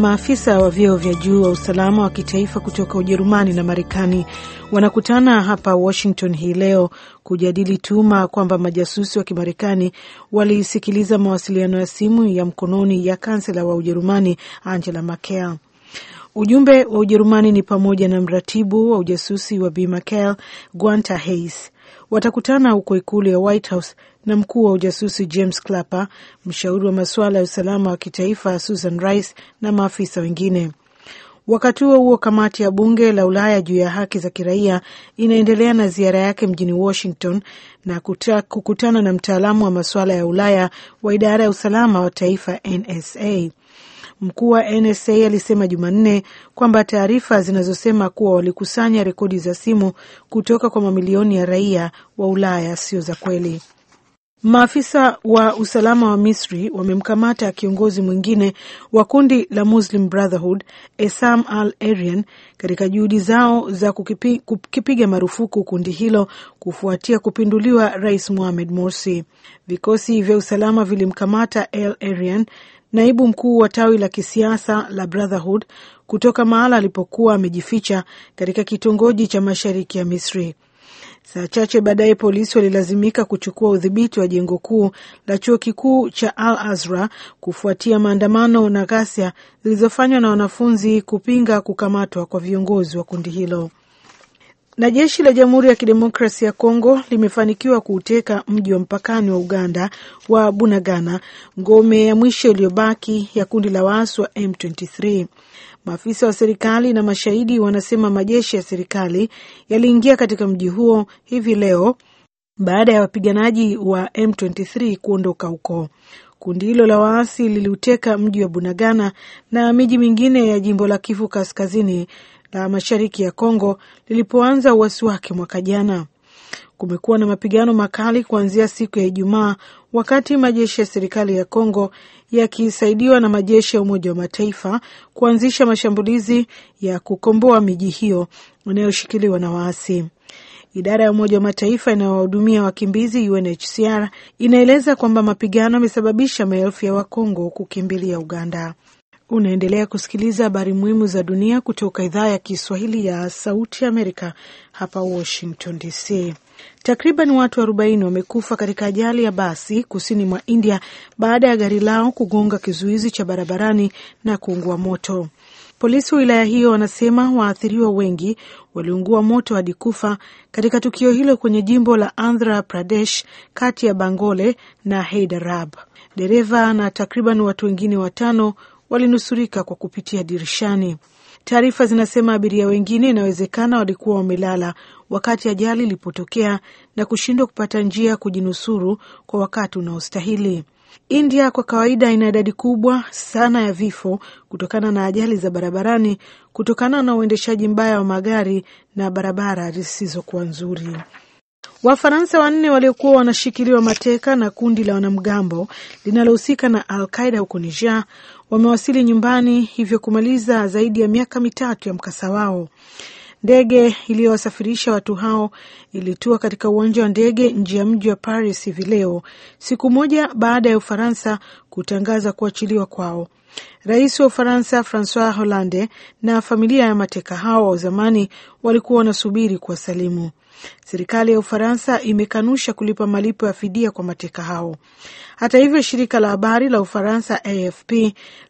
Maafisa wa vyeo vya juu wa usalama wa kitaifa kutoka Ujerumani na Marekani wanakutana hapa Washington hii leo kujadili tuhuma kwamba majasusi wa Kimarekani walisikiliza mawasiliano ya simu ya mkononi ya kansela wa Ujerumani Angela Merkel. Ujumbe wa Ujerumani ni pamoja na mratibu wa ujasusi wa Bi Merkel Guanta Hays. Watakutana huko ikulu ya White House na mkuu wa ujasusi James Clapper, mshauri wa masuala ya usalama wa kitaifa Susan Rice na maafisa wengine. Wakati huo huo, kamati ya bunge la Ulaya juu ya haki za kiraia inaendelea na ziara yake mjini Washington na kuta, kukutana na mtaalamu wa masuala ya Ulaya wa idara ya usalama wa taifa NSA. Mkuu wa NSA alisema Jumanne kwamba taarifa zinazosema kuwa walikusanya rekodi za simu kutoka kwa mamilioni ya raia wa Ulaya sio za kweli. Maafisa wa usalama wa Misri wamemkamata kiongozi mwingine wa kundi la Muslim Brotherhood Esam Al arian katika juhudi zao za kukipiga marufuku kundi hilo kufuatia kupinduliwa Rais Mohamed Morsi. Vikosi vya usalama vilimkamata Al arian naibu mkuu wa tawi la kisiasa la Brotherhood, kutoka mahala alipokuwa amejificha katika kitongoji cha mashariki ya Misri. Saa chache baadaye polisi walilazimika kuchukua udhibiti wa jengo kuu la chuo kikuu cha Al azra kufuatia maandamano na ghasia zilizofanywa na wanafunzi kupinga kukamatwa kwa viongozi wa kundi hilo. Na jeshi la Jamhuri ya Kidemokrasia ya Kongo limefanikiwa kuuteka mji wa mpakani wa Uganda wa Bunagana, ngome ya mwisho iliyobaki ya kundi la waasi wa M23. Maafisa wa serikali na mashahidi wanasema majeshi ya serikali yaliingia katika mji huo hivi leo baada ya wapiganaji wa M23 kuondoka huko. Kundi hilo la waasi liliuteka mji wa Bunagana na miji mingine ya jimbo la Kivu kaskazini la mashariki ya Kongo lilipoanza uasi wake mwaka jana kumekuwa na mapigano makali kuanzia siku ya Ijumaa wakati majeshi ya serikali ya Kongo yakisaidiwa na majeshi ya Umoja wa Mataifa kuanzisha mashambulizi ya kukomboa miji hiyo inayoshikiliwa na waasi. Idara ya Umoja wa Mataifa inayowahudumia wakimbizi UNHCR inaeleza kwamba mapigano yamesababisha maelfu ya Wakongo kukimbilia Uganda. Unaendelea kusikiliza habari muhimu za dunia kutoka idhaa ya Kiswahili ya Sauti Amerika hapa Washington DC. Takriban watu 40 wamekufa katika ajali ya basi kusini mwa India baada ya gari lao kugonga kizuizi cha barabarani na kuungua moto. Polisi wa wilaya hiyo wanasema waathiriwa wengi waliungua moto hadi kufa katika tukio hilo kwenye jimbo la Andhra Pradesh kati ya Bangole na Hyderabad. Dereva na takriban watu wengine watano walinusurika kwa kupitia dirishani. Taarifa zinasema abiria wengine inawezekana walikuwa wamelala wakati ajali ilipotokea na kushindwa kupata njia kujinusuru kwa wakati unaostahili. India kwa kawaida ina idadi kubwa sana ya vifo kutokana na ajali za barabarani kutokana na uendeshaji mbaya wa magari na barabara zisizokuwa nzuri. Wafaransa wanne waliokuwa wanashikiliwa mateka na kundi la wanamgambo linalohusika na al Qaida huko Niger wamewasili nyumbani, hivyo kumaliza zaidi ya miaka mitatu ya mkasa wao. Ndege iliyowasafirisha watu hao ilitua katika uwanja wa ndege nje ya mji wa Paris hivi leo, siku moja baada ya Ufaransa kutangaza kuachiliwa kwao. Rais wa Ufaransa Francois Hollande na familia ya mateka hao wa zamani walikuwa wanasubiri kuwasalimu. Serikali ya Ufaransa imekanusha kulipa malipo ya fidia kwa mateka hao. Hata hivyo, shirika la habari la Ufaransa AFP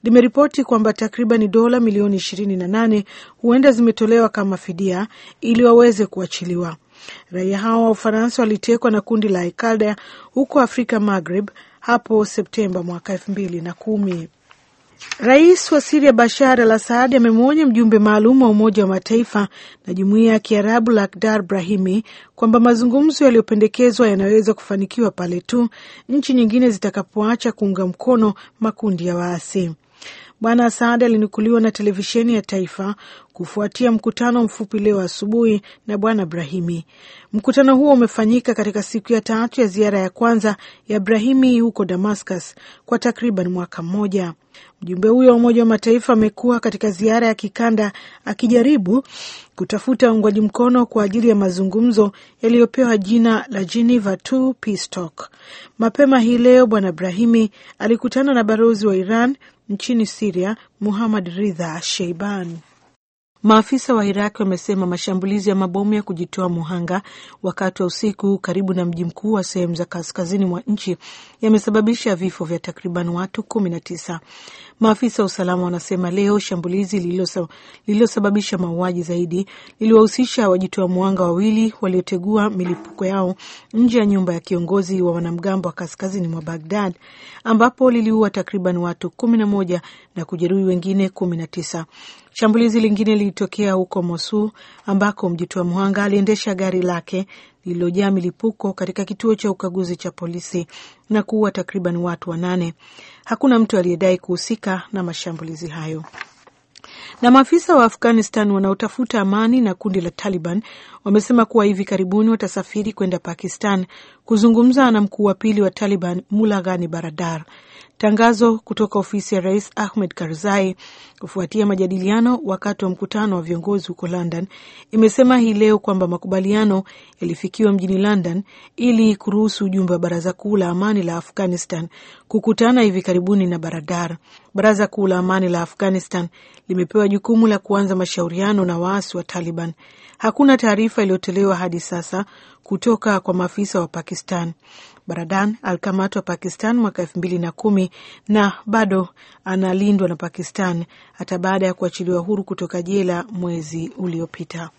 limeripoti kwamba takriban dola milioni 28 huenda zimetolewa kama fidia ili waweze kuachiliwa. Raia hao wa Ufaransa walitekwa na kundi la Al huko Afrika Maghreb hapo Septemba mwaka elfu mbili na kumi. Rais wa Siria Bashar al Assad amemwonya mjumbe maalum wa Umoja wa Mataifa na Jumuiya ya Kiarabu Lakhdar Brahimi kwamba mazungumzo yaliyopendekezwa yanaweza kufanikiwa pale tu nchi nyingine zitakapoacha kuunga mkono makundi ya waasi. Bwana asadi alinukuliwa na televisheni ya taifa kufuatia mkutano mfupi leo asubuhi na Bwana Brahimi. Mkutano huo umefanyika katika siku ya tatu ya ziara ya kwanza ya Brahimi huko Damascus kwa takriban mwaka mmoja. Mjumbe huyo wa Umoja wa Mataifa amekuwa katika ziara ya kikanda akijaribu kutafuta uungwaji mkono kwa ajili ya mazungumzo yaliyopewa jina la Geneva t Peace Talk. Mapema hii leo, Bwana Brahimi alikutana na balozi wa Iran nchini Siria, Muhammad Ridha Sheiban. Maafisa wa Iraq wamesema mashambulizi ya mabomu ya kujitoa muhanga wakati wa usiku karibu na mji mkuu wa sehemu za kaskazini mwa nchi yamesababisha vifo vya takriban watu kumi na tisa. Maafisa wa usalama wanasema leo shambulizi lililosababisha mauaji zaidi liliwahusisha wajitoa muhanga wawili waliotegua milipuko yao nje ya nyumba ya kiongozi wa wanamgambo wa kaskazini mwa Bagdad, ambapo liliua takriban watu kumi na moja na kujeruhi wengine kumi na tisa. Shambulizi lingine lilitokea huko Mosul ambako mjitoa mhanga aliendesha gari lake lililojaa milipuko katika kituo cha ukaguzi cha polisi na kuua takriban watu wanane. Hakuna mtu aliyedai kuhusika na mashambulizi hayo. Na maafisa wa Afghanistan wanaotafuta amani na kundi la Taliban wamesema kuwa hivi karibuni watasafiri kwenda Pakistan kuzungumza na mkuu wa pili wa Taliban Mula Ghani Baradar. Tangazo kutoka ofisi ya rais Ahmed Karzai kufuatia majadiliano wakati wa mkutano wa viongozi huko London imesema hii leo kwamba makubaliano yalifikiwa mjini London ili kuruhusu ujumbe wa baraza kuu la amani la Afghanistan kukutana hivi karibuni na Baradar. Baraza kuu la amani la Afghanistan limepewa jukumu la kuanza mashauriano na waasi wa Taliban. Hakuna taarifa iliyotolewa hadi sasa kutoka kwa maafisa wa Pakistan. Baradan alikamatwa Pakistan mwaka elfu mbili na kumi na bado analindwa na Pakistan hata baada ya kuachiliwa huru kutoka jela mwezi uliopita.